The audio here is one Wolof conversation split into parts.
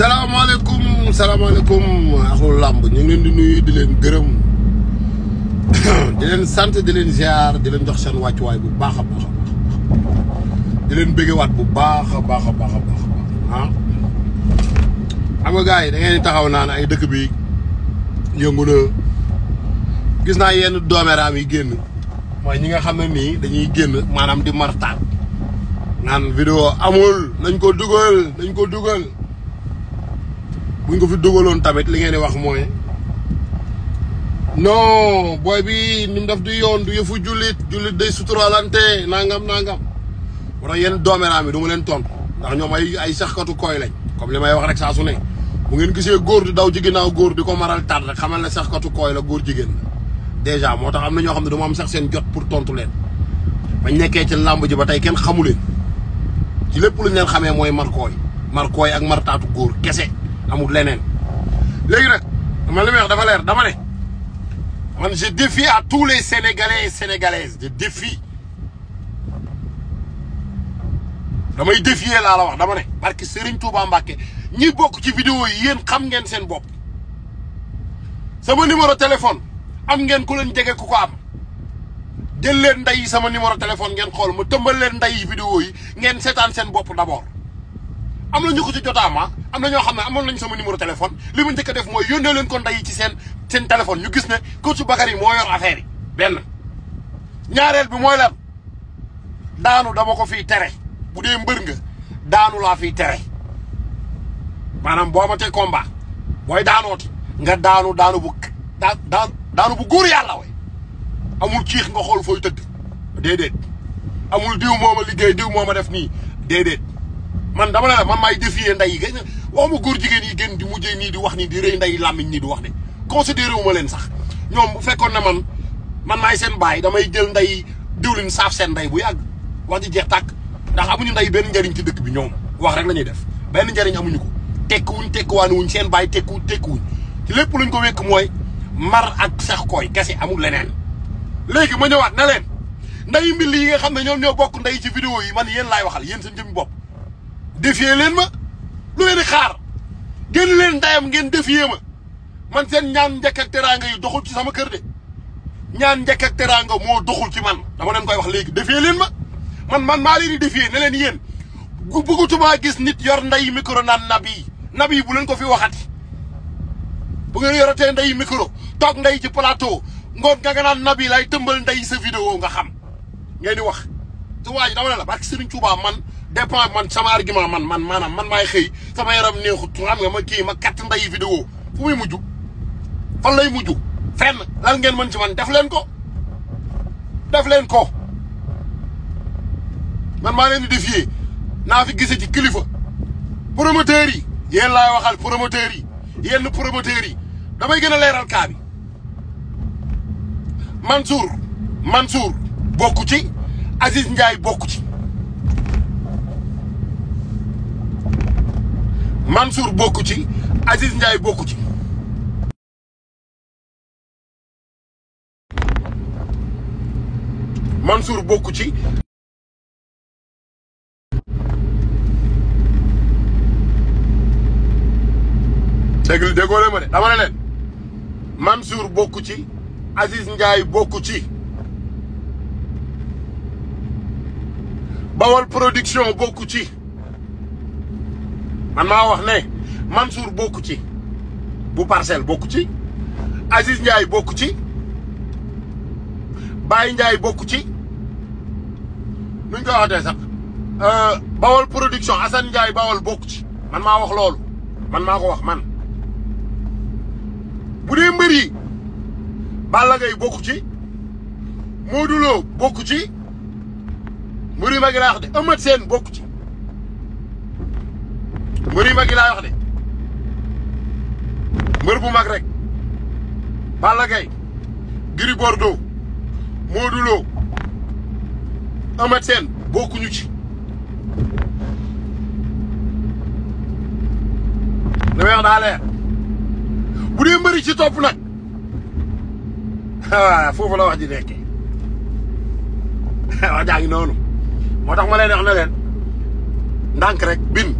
Assalamualaikum, assalamualaikum. Aku làmb ñu ngi leen di nuyu di leen gërëm di di ziar di doksan jox bu baax a dilen a bu baax a baax a ha ah da ngeen taxaw naan ay dëkk bi yëngu na gis naa yi ñi nga dañuy di martaat nan video amul nañ ko dugal nañ ko dugal buñ ko fi dugaloon tamit li ngeen wax mooy non bi ni mu def du yoon yëfu jullit jullit day suturaalante nangam nangam. war yenn doomeraam yi du ma leen tontu ndax ñoom ay ay saxkatu koy comme li may wax rek saa ne bu ngeen gisee góor di daw ci ginnaaw góor di ko maral tar rek xamal ne saxkatu kooy la góor jigéen la. dèjà moo tax am na ñoo xam ne dama am sax seen jot pour tontu leen bañ nekkee ci làmb ji ba tey kenn xamu leen ci lépp luñ leen xamee mooy markooy markooy ak martaatu góor kese. amul lenen légui nak man wax dafa dama man je défie à tous les sénégalais et sénégalaises je défie damay défier la la wax dama né parce que Serigne Touba Mbacké ñi bokk ci vidéo yi yeen xam ngeen seen bop sama numéro téléphone am ngeen ku leen djégé ku ko am leen nday sama numéro téléphone ngeen xol mu teumbal leen nday vidéo yi ngeen sétane seen bop d'abord am na ñu ko ci jotaama ah. am na ñoo xam ne amoon nañu sama numéro téléphone li mu njëkk a def mooy yónnee leen ko ndey yi ci seen seen téléphone ñu gis ne coach Bakary moo yor affaire yi benn ñaareel bi mooy lan daanu dama ko fiy tere bu dee mbër nga daanu laa fiy tere maanaam boo ma tee combat booy daanooti nga daanu daanu bu daanu daanu góor yàlla way amul ciix nga xool fooy tëdd déedéet amul diw moo ma liggéey diw moo ma def nii déedéet man dama la man maay défier nday yi gën waxuma góor jigéen yi gën di mujjee nii di wax nii di rëy nday làmmiñ nii di wax de considéré wu ma leen sax ñoom bu fekkoon ne man man maay seen baay damay jël nday diwlin saaf seen nday bu yàgg wax ji jeex tàkk ndax amuñu nday benn njariñ ci dëkk bi ñoom wax rek la ñuy def benn njariñ amuñu ko tekkiwuñ tekkiwaane wuñ seen baay tekku tekkiwuñ ci lépp luñ ko wekk mooy mar ak sax kooy kese amul leneen léegi ma ñëwaat ne leen nday mbil yi nga xam ne ñoom ñoo bokk nday ci yi man yéen laay waxal yéen seen jëmmi bopp défier leen ma lu leen di xaar génn leen ndayam ngeen défier ma man seen ñaan njëkk ak teraanga yi doxul ci sama kër de ñaan njëkk ak teraanga moo doxul ci man dama leen koy wax léegi défier leen ma man man maa leen di défier ne leen yéen bu bëggutuma gis nit yor ndey micro naan nabi nabi bu leen ko fi waxati bu ngeen yoratee nday micro toog nday ci plateau ngoon nga nga naan nabi lay tëmbal ndey sa vidéo nga xam ngeen di wax su waa ji dama ne la barke man dépend man sama argument man man maanaam man maay xëy sama yaram neexut xam nga ma kii ma katt nday vidéo fu muy mujj fan lay mujj fenn lan ngeen mën ci man def leen ko def leen ko man ma leen di naa fi gise ci kilifa promoteurs yi yéen laay waxal promoteurs yi yenn promoteurs yi damay gën a leeral man bi man Mansour bokku ci Aziz Ndiaye bokku ci Mansour bokku ci Aziz Ndiaye bokku ci Mansour bokku ci dégg déggoo ma de dama ne leen Mansour bokku ci Aziz Ndiaye bokku ci Bawol Production bokku ci man maa wax ne Mansour bokk ci bu parcelle bokku ci Aziz Ndiaye bokku ci Baye Ndiaye bokku ci nuñ koy waxatee sax euh, Bawol production Assane Ndiaye Bawol bokku ci man maa wax loolu man maa ko wax man bu dee mbër yi Balla Gaye bokku ci Modou bokk ci mbër yi ma ngi lay wax de Eumeu Sène bokku ci mbër yu mag yi laay wax de mbër bu mag rek Balla Gaye Gris Bordeaux Modou Lo Eumeu Sène bokkuñu ci li may wax leer bu dee mbëri ci topp nag waaw ah, foofu la wax ji nekkee wax jaa ngi noonu moo tax ma leen wax ne leen ndànk rek bin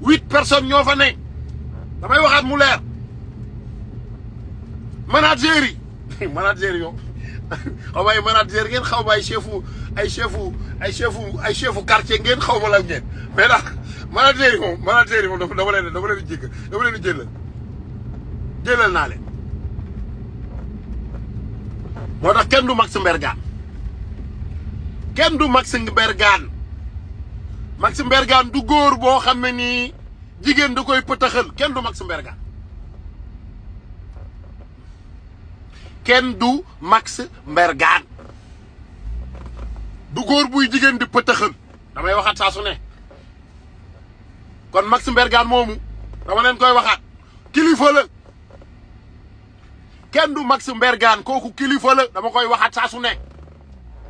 huit personnes ñoo fa ne damay waxaat mu leer manager yi manager yow xaw ma ay manager ngeen xaw ma ay chefu ay chefu ay chefu ay chefu quartier ngeen xaw ma la ngeen mais ndax manager yi moom manager yi moom dama leen dama leen jégg dama leen naa leen moo tax kenn du Max Mbergane kenn du Max Mbergane Maxime Bergane du góor boo xam ne nii jigéen da koy pëtaxal kenn du Maxime Bergane kenn du Max Mbergaan du góor buy jigéen di pëtëxal damay waxaat saa ne kon Max Mbergaan moomu dama leen koy waxaat kilifa la kenn du Max Mbergaan kooku kilifa la dama koy waxaat saa su ne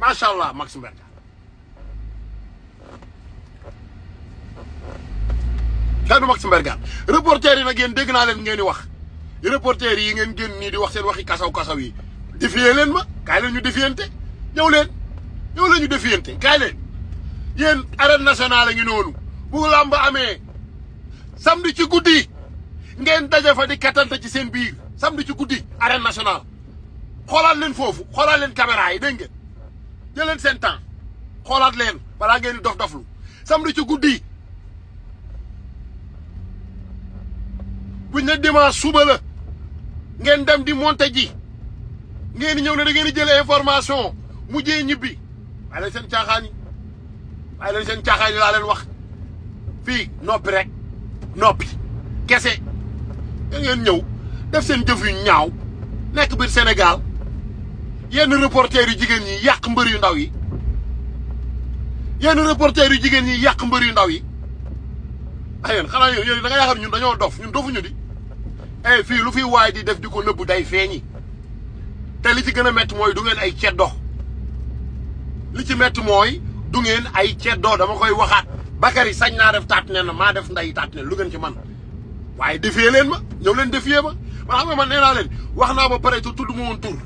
macha allah Max Mbergaan daanu Max Mbergane reporter yi nag yéen dégg naa leen ngeen di wax reporter yi ngeen génn nii di wax seen waxi kasaw-kasaw yi défier leen ma kaay leen ñu défiyante ñëw leen ñëw leen ñu défiyante kaay leen yéen arène nationale a ngi noonu bu làmb amee samedi ci guddi ngeen daje fa di kattante ci seen biir samedi ci guddi arène nationale xoolaat leen foofu xoolaat leen caméra yi dégg ngeen seen temps xoolaat leen balaa ngeen di dof doflu samedi ci guddi buñ ne demaa suba la ngeen dem di monte ji ngeen ñëw ne da ngeen di jël information mujjee ñibbi waaye leen seen caaxaan yi waaye leen seen caaxaan laa leen wax fii noppi rek noppi kese da ngeen ñëw def seen jëf yu ñaaw nekk biir Sénégal yenn reporter yu jigéen ñi yàq mbër yu ndaw yi yenn reporter yu jigéen ñi yàq mbër yu ndaw yi ayeen xanaa yooyu da nga ñun dañoo dof ñun dofuñu di eh fii lu fi waay di def di ko nëbbu day feeñi te li ci gën a métti mooy du ngeen ay ceddo li ci métti mooy du ngeen ay ceddo dama koy waxaat Bakary sañ naa def taat nen maa def nday taat nen lu ngeen ci man waaye defee leen ma ñëw leen defee ma man xam nga ma nee leen wax naa ba pare te tudd ma woon tur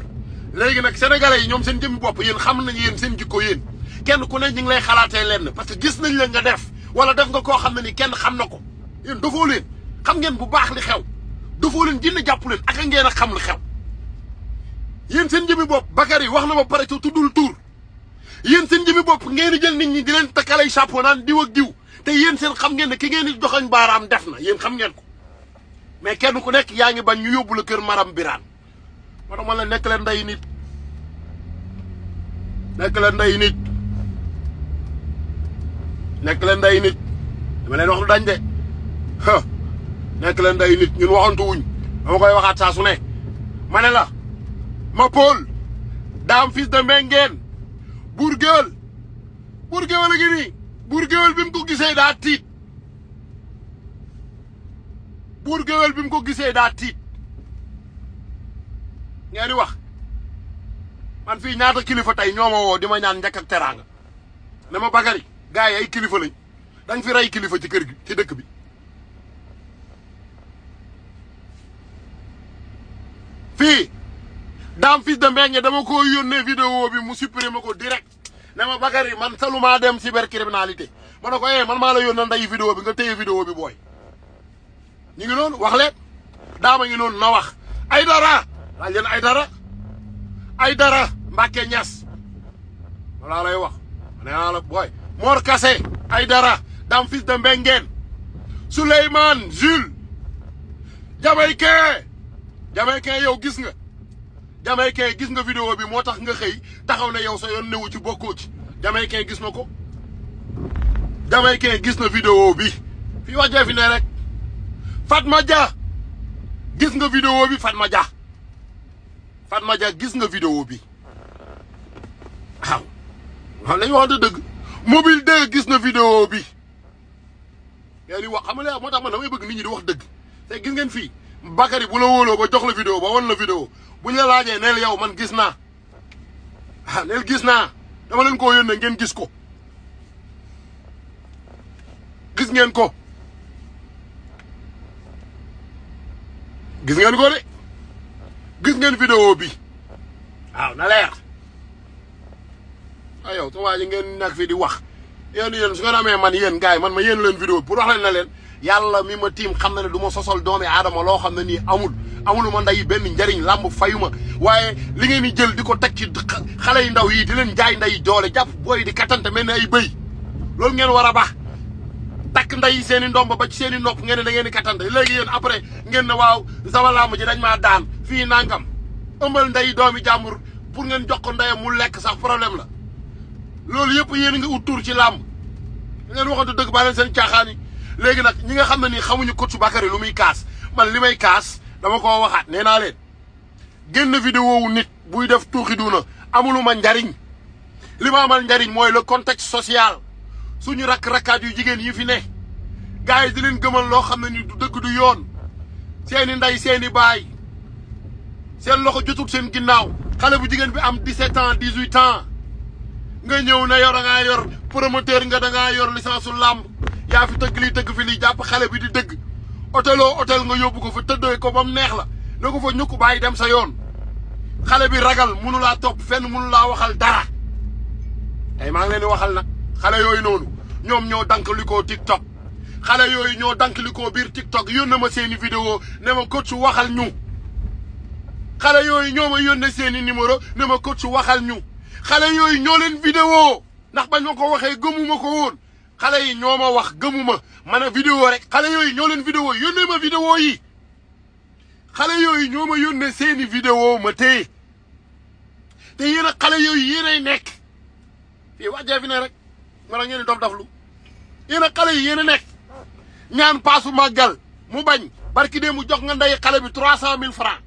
léegi nag sénégalais yi ñoom seen jëmmi bopp yéen xam nañ yéen seen jikko yéen kenn ku ne ñu ngi lay xalaatee leen parce que gis nañ la nga def wala def nga koo xam ne ni kenn xam na ko yéen xam ngeen bu baax li xew dafoo leen dina jàpp leen ak ngeen a xam lu xew yéen seen jëmi bopp Bakary wax na ba pare ca tuddul tuur yéen seen jëmi bopp ngeen di jël nit ñi di leen takkalay chapeau naan diw ak diw te yéen seen xam ngeen ne ki ngeen di joxañ baaraam def na yéen xam ngeen ko mais kenn ku nekk yaa ngi bañ ñu yóbbu la kër maram biraan man ma la nekk leen nday nit nekk leen nday nit nekk leen nday nit dama leen wax lu dañ de nekk leen day nit ñun waxantu wuñ dama koy waxaat saa su ne ma la ma Paul daam fils de Mbengeen buur géwél buur géwél bi mu ko gisee daa tiit buur géwél bi mu ko gisee daa tiit ngeen wax man ñaat ñaata kilifa tey ñoo ma di ma ñaan njëkk ak teraanga ne ma Bakary gars ay kilifa lañ fi rey kilifa ci kër gi ci dëkk bi dam fils de mbeñe dama ko yonne vidéo bi mu supprimer mako direct nama bagari man saluma dem cybercriminalité manako eh man ma la yonne nday vidéo bi nga teye vidéo bi boy ñi ngi non wax le dama ngi non na wax ay dara la len ay dara ay dara mbacke ñass wala lay wax ne ala ah, boy mor cassé ay dara dam fils de mbengen souleyman jules jamaïcain jamaïcain yow gis nga jamaïcain gis nga vidéo bi moo tax nga xëy taxaw na yow sa yoon newu ci bokkoo ci jamaïcain gis na ko jamaïcain gis na vidéo bi fii wax jee fi ne rek Fatma Dia gis nga vidéo bi Fatma Dia Fatma Dia gis nga vidéo bi waaw lañu waxante dëgg mobile de gis na vidéo bi yaa di wax xam nga moo tax man damay bëgg nit ñi di wax dëgg te gis ngeen fii Bakary bu la wóoloo ba jox la vidéo ba wan la vidéo bu ñu la laajee neel yow man gis naa ah neel gis naa dama leen koo yónnee ngeen gis ko gis ngeen ko gis ngeen ko de gis ngeen vidéo bi waaw na leer ah yow sa waa ngeen nekk fii di wax yéen yéen su ngeen amee man yéen gars yi man ma yéen leen vidéo pour wax leen na leen yàlla mi ma tiim xam na ne du ma sosal doomi aadama loo xam ne nii amul amul ma nday benn njariñ làmb fayuma waaye li ngeen di jël di ko teg ci xale yu ndaw yi di leen jaay nday doole jàpp booy di kattante mel na ay bëy loolu ngeen war a baax takk nday seen i ndomb ba ci seen i nopp ngeen ne da ngeen di kattante léegi yéen apre ngeen ne waaw sama làmb ji dañ ma daan fii nangam ëmbal nday doomi jàmbur pour ngeen jox ko ndayam mu lekk sax problème la loolu yëpp yéen nga ut tuur ci làmb da ngeen waxatu dëgg baa leen seen caaxaan yi léegi nag ñi nga xam ne ni xamuñu coach Bakary lu muy kaas man li may kaas dama ko waxaat nee naa leen génn vidéo wu nit buy def tuuxi duuna ma njariñ li ma amal njariñ mooy le contexte social suñu rakk-rakkaat yu jigéen yi fi ne gars yi di leen gëmal loo xam ne ni du dëgg du yoon seeni ndey seeni baay seen loxo jotul seen ginnaaw xale bu jigéen bi am 17 ans 18 ans nga ñëw na yor dangaa yor promoteur nga dangaa yor licence su làmb yaa fi tëgg lii dëgg fi lii jàpp xale bi di dëgg oteloo otel nga yóbbu ko fa tëddee ko ba mu neex la na ko fa ñukk bàyyi dem sa yoon xale bi ragal mënu laa topp fenn mënu laa waxal dara tay maa ngi leen di waxal nag xale yooyu noonu ñoom ñoo dank li ko TikTok xale yooyu ñoo dank ko biir TikTok yónnee ma seeni vidéo ne ma coach waxal ñu xale yooyu ñoo ma yónnee seeni numéro ne ma coach waxal ñu xalé yoy ñoo leen vidéo ndax bañ ma ko waxee gëmuma ko woon xalé yi ñoo ma wax gëmuma mané vidéo rek xalé yoy ñoo leen vidéo yone ma vidéo yi xalé yoy ñoo ma yónnee seeni vidéo ma té té yéen xalé yoy yooyu yéenay nekk fii wàjjee fi ne rek ma la ngeen di dof doflu yéen xalé yi yéen nek ñaan passu magal mu bañ barki dé mu jox nga nday xalé bi 300000 francs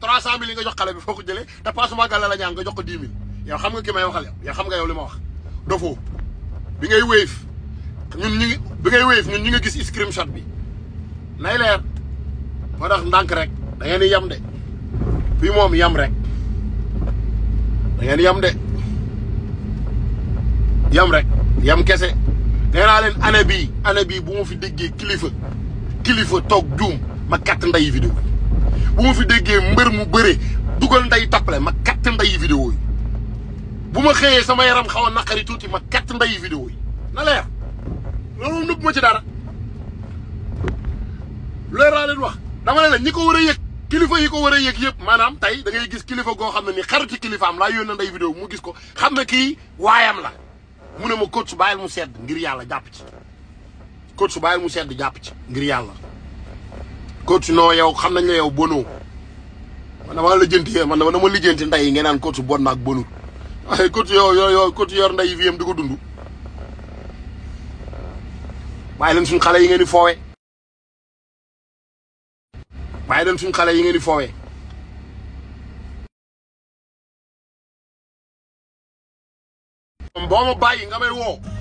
300000 nga jox xalé bi foko jëlé té passu magal la la ñaan nga jox ko 10000 yow xam nga ki may waxal yow xam nga yow li ma wax dofoo bi ngay wave ñun ñu ngi bi ngay wave ñun ñu nga gis screenshot bi nay leer moo tax ndànk rek da ngeen di yam de fii moom yam rek da ngeen yam de yam rek yam kese nee naa leen année bii année bii bu ma fi déggee kilifa kilifa toog juum ma katt nday vidéo bu ma fi déggee mbër mu bëre dugal nday tappale ma katt nday vidéo yi bu ma xëyee sama yaram xaw a naqari tuuti ma kat ndayi vidéo yi na leer loolu nëbb ma ci dara loolu laa leen wax dama ne la ñi ko war a yëg kilifa yi ko war a yëg yëpp maanaam tey da ngay gis kilifa goo xam ne ni xaritu kilifaam laa yónnee nday vidéo mu gis ko xam ne kii waayam la mu ne ma coach bàyyil mu sedd ngir yàlla jàpp ci coach bàyyil mu sedd jàpp ci ngir yàlla coach noo yow xam nañ la yow bonoo man dama la jënti man dama lijjanti nday yi ngeen naan coach bon naag bonut ay côté yoo yoo côté yor nday fi yam di ko dund bàyyi leen suñ xale yi ngeen di foowe bàyyi leen suñ xale yi ngeen di foowe boo ma bàyyi nga may woo